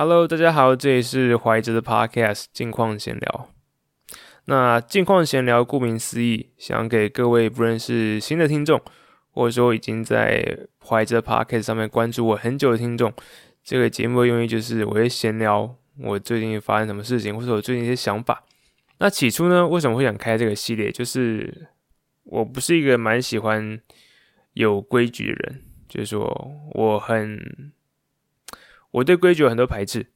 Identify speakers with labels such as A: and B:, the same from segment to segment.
A: Hello，大家好，這裡是懷哲的 podcast，近況閒聊。那近況閒聊，顧名思義，想給各位不論是新的聽眾，或者說已經在懷哲 podcast 上面關注我很久的聽眾，這個節目的用意就是我會閒聊我最近發生什麼事情，或者我最近一些想法。那起初呢，為什麼會想開這個系列？就是我不是一個蠻喜歡有規矩的人，就是說我很。我對規矩有很多排斥，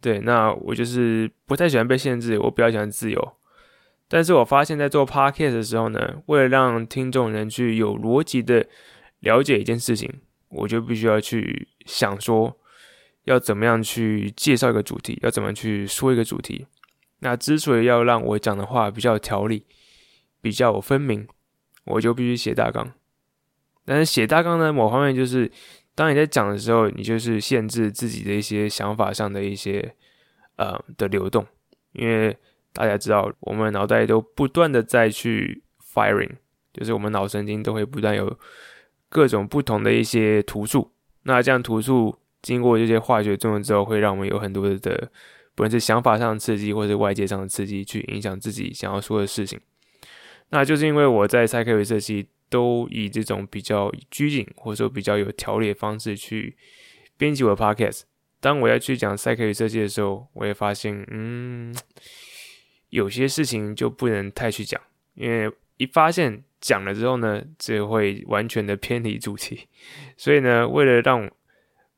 A: 對，那我就是不太喜歡被限制，我比較喜歡自由。但是我發現，在做 podcast 的時候呢，為了讓聽眾能去有邏輯的了解一件事情，我就必須要去想說，要怎麼樣去介紹一個主題，要怎麼去說一個主題。那之所以要讓我講的話比較有條理，比較有分明，我就必須寫大綱。但是寫大綱呢，某方面就是。當你在講的時候，你就是限制自己的一些想法上的一些呃的流動，因為大家知道，我們腦袋都不斷的在去 firing，就是我們腦神經都會不斷有各種不同的一些突觸，那這樣突觸經過這些化學作用之後，會讓我們有很多的，不論是想法上的刺激，或是外界上的刺激，去影響自己想要說的事情。那就是因為我在塞克維這期。都以這種比較拘謹或者說比較有條理的方式去編輯我的 podcast。當我要去講賽 r y 設計的時候，我也發現，嗯，有些事情就不能太去講，因為一發現講了之後呢，這會完全的偏離主題。所以呢，為了讓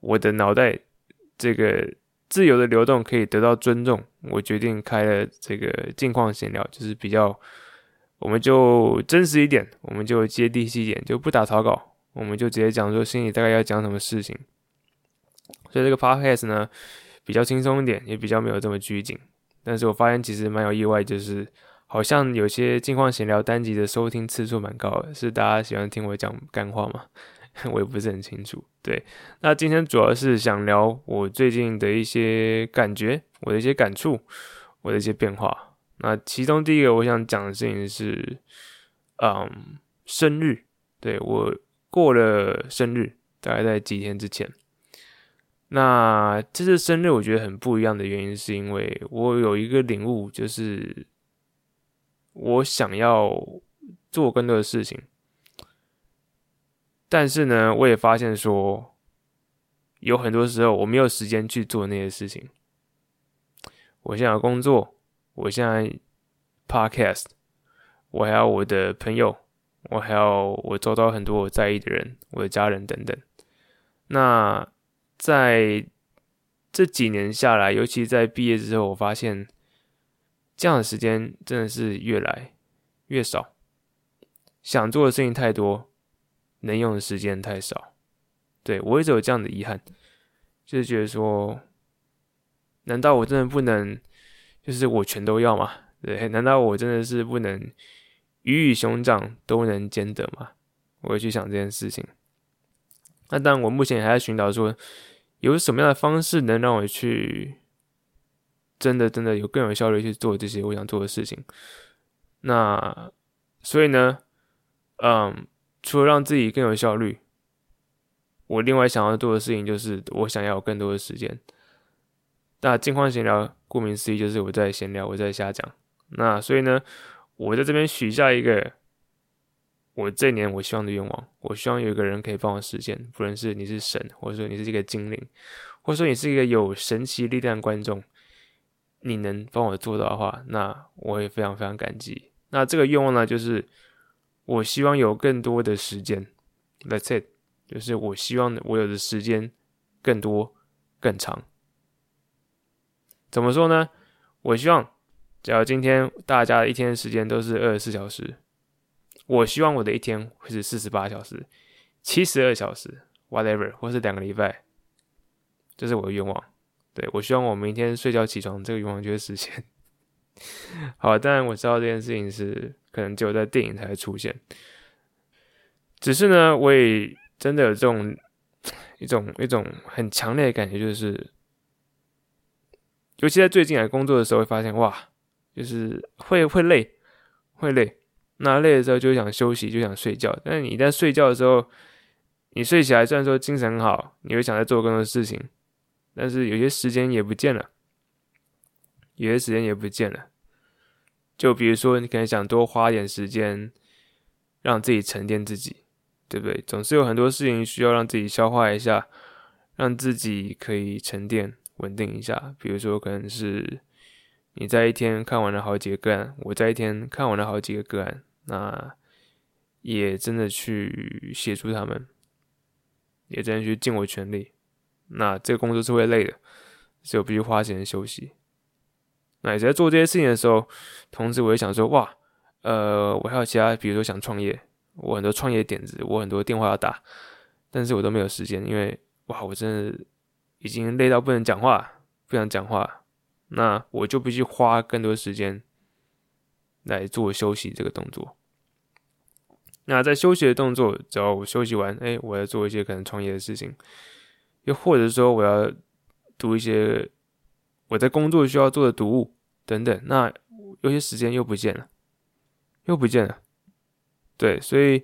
A: 我的腦袋這個自由的流動可以得到尊重，我決定開了這個近況閒聊，就是比較。我們就真實一點，我們就接地氣一點，就不打草稿，我們就直接講說心裡大概要講什麼事情。所以這個 Podcast 呢比較輕鬆一點，也比較沒有這麼拘謹。但是我發現其實蠻有意外，就是好像有些近況閒聊單集的收聽次數蠻高的，是大家喜歡聽我講乾話嗎？我也不是很清楚。對，那今天主要是想聊我最近的一些感覺，我的一些感觸，我的一些變化。那其中第一個我想講的事情是，嗯，生日，對，我過了生日，大概在幾天之前。那這次生日我覺得很不一樣的原因是因為我有一個領悟，就是我想要做更多的事情，但是呢，我也發現說，有很多時候我沒有時間去做那些事情。我想要工作。我現在 podcast，我還有我的朋友，我還有我周遭，很多我在意的人，我的家人等等。那在這幾年下來，尤其在畢業之後，我發現這樣的時間真的是越來越少。想做的事情太多，能用的時間太少。對，我一直有這樣的遺憾，就是覺得說，難道我真的不能？就是我全都要嘛？對，難道我真的是不能魚與熊掌都能兼得嗎？我會去想這件事情。那當然，我目前還在尋找說有什麼樣的方式能讓我去真的真的有更有效率去做這些我想做的事情。那所以呢，嗯，除了讓自己更有效率，我另外想要做的事情就是我想要有更多的時間。那近況閒聊。顧名思義，就是我在閒聊，我在瞎講。那所以呢，我在這邊許下一個我這一年我希望的願望，我希望有一個人可以幫我實現，不論是你是神，或者說你是一個精靈，或者說你是一個有神奇力量的觀眾，你能幫我做到的話，那我也非常非常感激。那這個願望呢，就是我希望有更多的時間。That's it，就是我希望我有的時間更多、更長。怎麼說呢？我希望，假如今天大家一天的時間都是二十四小時，我希望我的一天會是四十八小時、七十二小時，whatever，或是兩個禮拜，這是我的願望。對，我希望我明天睡覺起床這個願望就會實現。好，當然我知道這件事情是可能只有在電影才會出現，只是呢，我也真的有這種一種一種很強烈的感覺，就是。尤其在最近來工作的時候，會發現哇，就是會會累，會累。那累的時候就想休息，就想睡覺。但是你一旦睡覺的時候，你睡起來雖然說精神好，你會想再做更多事情，但是有些時間也不見了，有些時間也不見了。就比如說，你可能想多花點時間，讓自己沉澱自己，對不對？總是有很多事情需要讓自己消化一下，讓自己可以沉澱。穩定一下，比如說可能是你在一天看完了好幾個個案，我在一天看完了好幾個個案，那也真的去協助他們，也真的去盡我全力。那這個工作是會累的，所以我必須花時間休息。那也在做這些事情的時候，同時我也想說，哇，呃，我還有其他，比如說想創業，我很多創業點子，我很多電話要打，但是我都沒有時間，因為哇，我真的。已經累到不能講話，不想講話，那我就必須花更多時間來做休息這個動作。那在休息的動作，只要我休息完，哎，我要做一些可能創業的事情，又或者說我要讀一些我在工作需要做的讀物等等。那有些時間又不見了，又不見了。對，所以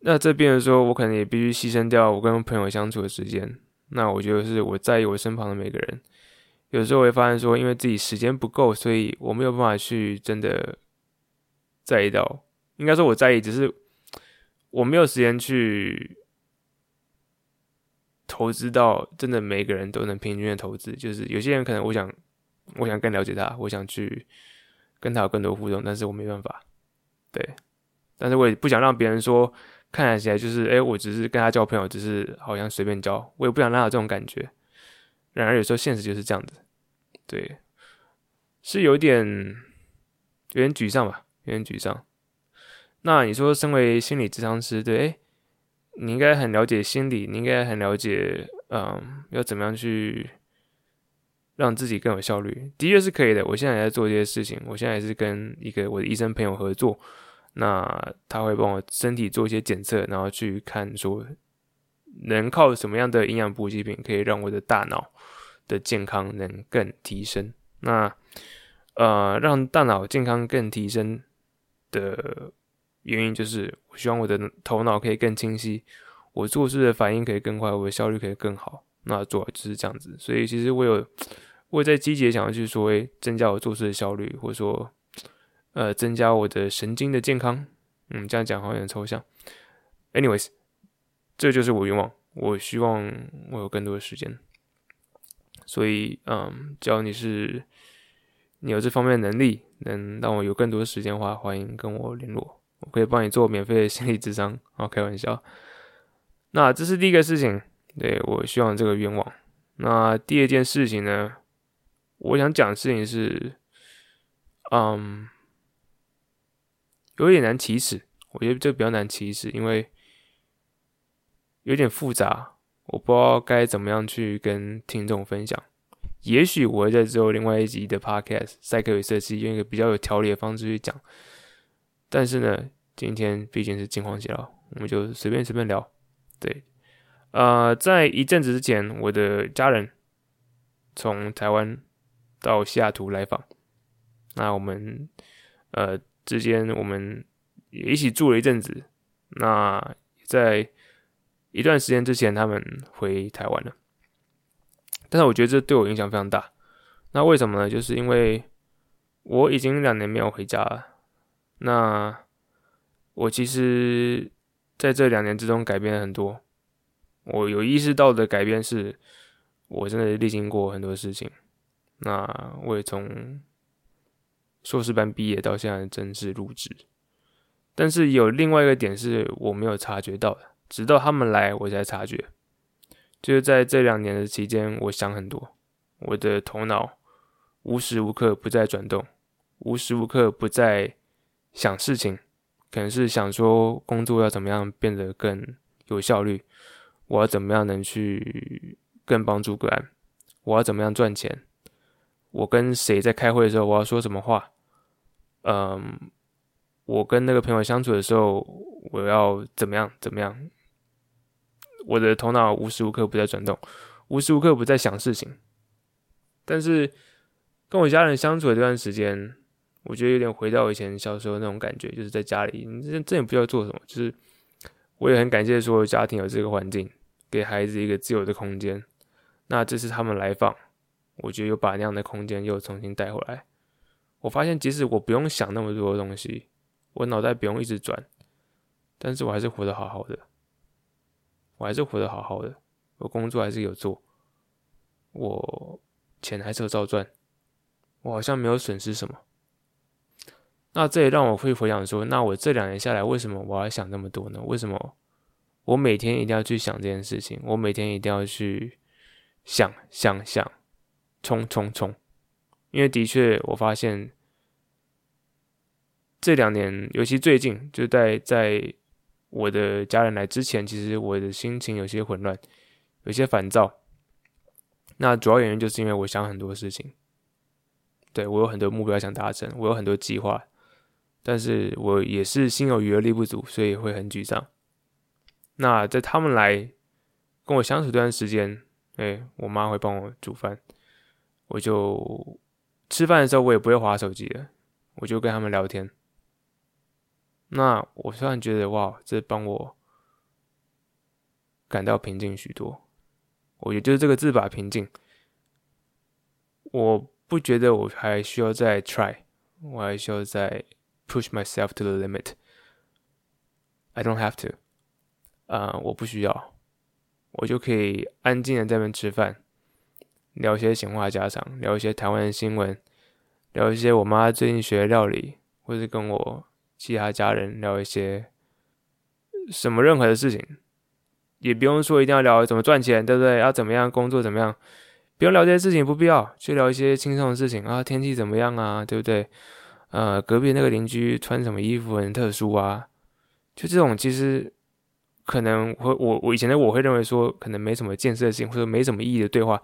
A: 那這邊的時候，我可能也必須犧牲掉我跟朋友相處的時間。那我覺得是我在意我身旁的每個人，有時候我會發現說，因為自己時間不夠，所以我沒有辦法去真的在意到。應該說我在意，只是我沒有時間去投資到真的每個人都能平均的投資。就是有些人可能我想我想更了解他，我想去跟他有更多互動，但是我沒辦法。對，但是我也不想讓別人說。看起來就是，哎、欸，我只是跟他交朋友，只是好像隨便交，我也不想讓他有這種感覺。然而有時候現實就是這樣子，對，是有點有點沮喪吧，有點沮喪。那你說，身為心理諮商師，對，哎，你應該很了解心理，你應該很了解，嗯，要怎麼樣去讓自己更有效率？的確是可以的。我現在也在做這些事情，我現在也是跟一個我的醫生朋友合作。那他會幫我身體做一些檢測，然後去看說能靠什麼樣的營養補給品可以讓我的大腦的健康能更提升。那呃，讓大腦健康更提升的原因就是，我希望我的頭腦可以更清晰，我做事的反應可以更快，我的效率可以更好。那主要就是這樣子。所以其實我有我也在積極地想要去說，哎，增加我做事的效率，或者說。呃，增加我的神經的健康，嗯，這樣講好像有點抽象。Anyways，這就是我願望，我希望我有更多的時間。所以，嗯，只要你是你有這方面的能力，能讓我有更多的時間的話，歡迎跟我聯絡，我可以幫你做免費的心理諮商。好，開玩笑。那這是第一個事情，對，我希望這個願望。那第二件事情呢，我想講的事情是，嗯。有點難啟齒，我覺得這比較難啟齒，因為有點複雜，我不知道該怎麼樣去跟聽眾分享。也許我會在之後另外一集的 Podcast《賽克與設計》用一個比較有條理的方式去講。但是呢，今天畢竟是近況閒聊了，我們就隨便隨便聊。對，呃，在一陣子之前，我的家人從台灣到西雅圖來訪，那我們呃。之間，我們也一起住了一陣子。那在一段時間之前，他們回台灣了。但是我覺得這對我影響非常大。那為什麼呢？就是因為我已經兩年沒有回家了。那我其實在這兩年之中改變了很多。我有意識到的改變是，我真的歷經過很多事情。那我也從。碩士班畢業到現在正式入職，但是有另外一個點是我沒有察覺到的，直到他們來我才察覺。就是在這兩年的期間，我想很多，我的頭腦無時無刻不在轉動，無時無刻不在想事情，可能是想說工作要怎麼樣變得更有效率，我要怎麼樣能去更幫助個案，我要怎麼樣賺錢。我跟誰在開會的時候，我要說什麼話？嗯，um，我跟那個朋友相處的時候，我要怎麼樣？怎麼樣？我的頭腦無時無刻不在轉動，無時無刻不在想事情。但是跟我家人相處的這段時間，我覺得有點回到以前小時候那種感覺，就是在家裡，你這這也不知道做什麼。就是我也很感謝說家庭有這個環境，給孩子一個自由的空間。那這次他們來訪。我覺得又把那樣的空間又重新帶回來。我發現，即使我不用想那麼多東西，我腦袋不用一直轉，但是我還是活得好好的。我還是活得好好的，我工作還是有做，我錢還是有照賺，我好像沒有損失什麼。那這也讓我會回想說，那我這兩年下來，為什麼我要想那麼多呢？為什麼我每天一定要去想這件事情？我每天一定要去想、想、想。衝衝衝！因為的確，我發現這兩年，尤其最近，就在在我的家人來之前，其實我的心情有些混亂，有些煩躁。那主要原因就是因為我想很多事情。對，我有很多目標想達成，我有很多計劃，但是我也是心有餘而力不足，所以會很沮喪。那在他們來跟我相處這段時間，誒，我媽會幫我煮飯。我就吃飯的時候，我也不會滑手機的，我就跟他們聊天。那我突然覺得哇，這幫我感到平靜許多，我覺得就是這個字吧，平靜。我不覺得我還需要再 try，我還需要再 push myself to the limit。I don't have to，啊，uh，我不需要，我就可以安靜的在那邊吃飯。聊一些閒話家常，聊一些台灣的新聞，聊一些我媽最近學的料理，或者跟我其他家人聊一些什麼任何的事情，也不用說一定要聊怎麼賺錢，對不對？要、啊、怎麼樣工作，怎麼樣，不用聊這些事情，不必要，去聊一些輕鬆的事情啊，天氣怎麼樣啊，對不對？呃，隔壁那個鄰居穿什麼衣服很特殊啊，就這種其實可能會我我我以前的我會認為說可能沒什麼建設性或者沒什麼意義的對話。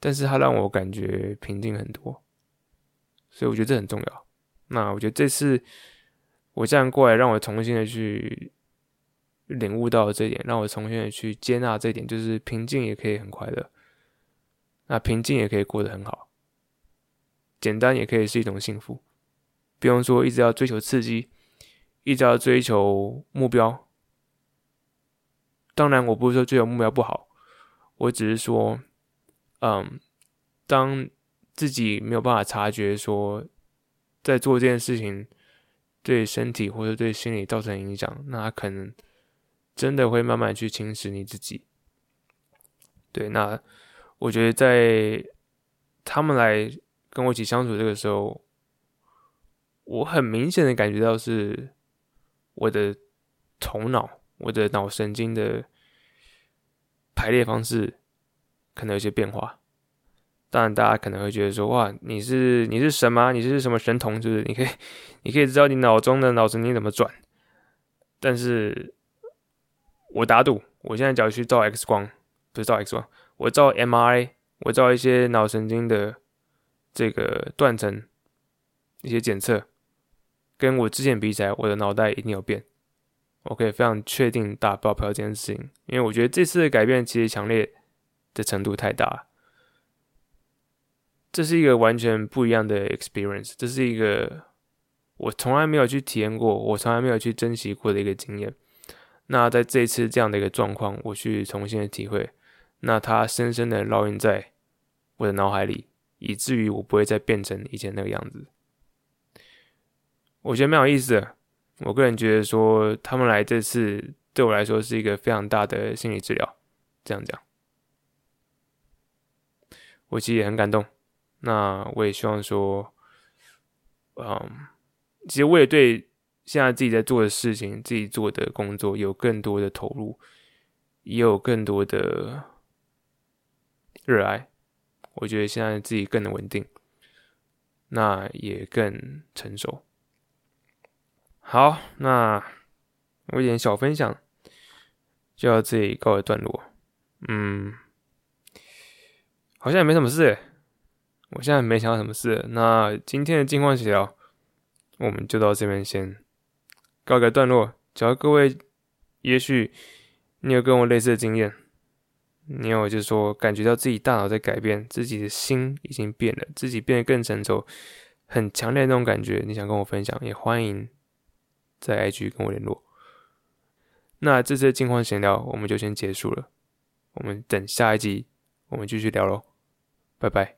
A: 但是它讓我感覺平靜很多，所以我覺得這很重要。那我覺得這次我這樣過來，讓我重新的去領悟到這一點，讓我重新的去接納這一點，就是平靜也可以很快樂，那平靜也可以過得很好，簡單也可以是一種幸福。不用說，一直要追求刺激，一直要追求目標。當然，我不是說追求目標不好，我只是說。嗯，um，當自己沒有辦法察覺說，在做這件事情對身體或者對心理造成影響，那他可能真的會慢慢去侵蝕你自己。對，那我覺得在他們來跟我一起相處這個時候，我很明顯的感覺到是我的頭腦，我的腦神經的排列方式，可能有些變化，當然大家可能會覺得說：“哇，你是你是神嗎？你是什麼神童？就是你可以，你可以知道你腦中的腦神經怎麼轉。”但是，我打賭，我現在只要去照 X 光，不是照 X 光，我照 MRI，我照一些腦神經的這個斷層一些檢測，跟我之前比起來，我的腦袋一定有變。我可以非常確定打包票這件事情，因為我覺得這次的改變其實強烈。的程度太大，這是一個完全不一樣的 experience，這是一個我從來沒有去體驗過、我從來沒有去珍惜過的一個經驗。那在這次這樣的一個狀況，我去重新的體會，那它深深的烙印在我的腦海裡，以至於我不會再變成以前那個樣子。我覺得蠻有意思的，我個人覺得說他們來這次對我來說是一個非常大的心理治療。這樣講。我其實也很感動，那我也希望說，嗯，其實我也對現在自己在做的事情、自己做的工作有更多的投入，也有更多的熱愛。我覺得現在自己更能穩定，那也更成熟。好，那我一點小分享就到這裡告一段落。嗯。好像也沒什麼事誒、欸，我現在也沒想到什麼事。那今天的近況閒聊，我們就到這邊先告一個段落。只要各位，也許你有跟我類似的經驗，你有就是說感覺到自己大腦在改變，自己的心已經變了，自己變得更成熟，很強烈的那種感覺，你想跟我分享，也歡迎在 IG 跟我聯絡。那這次的近況閒聊我們就先結束了，我們等下一集，我們繼續聊嘍。拜拜。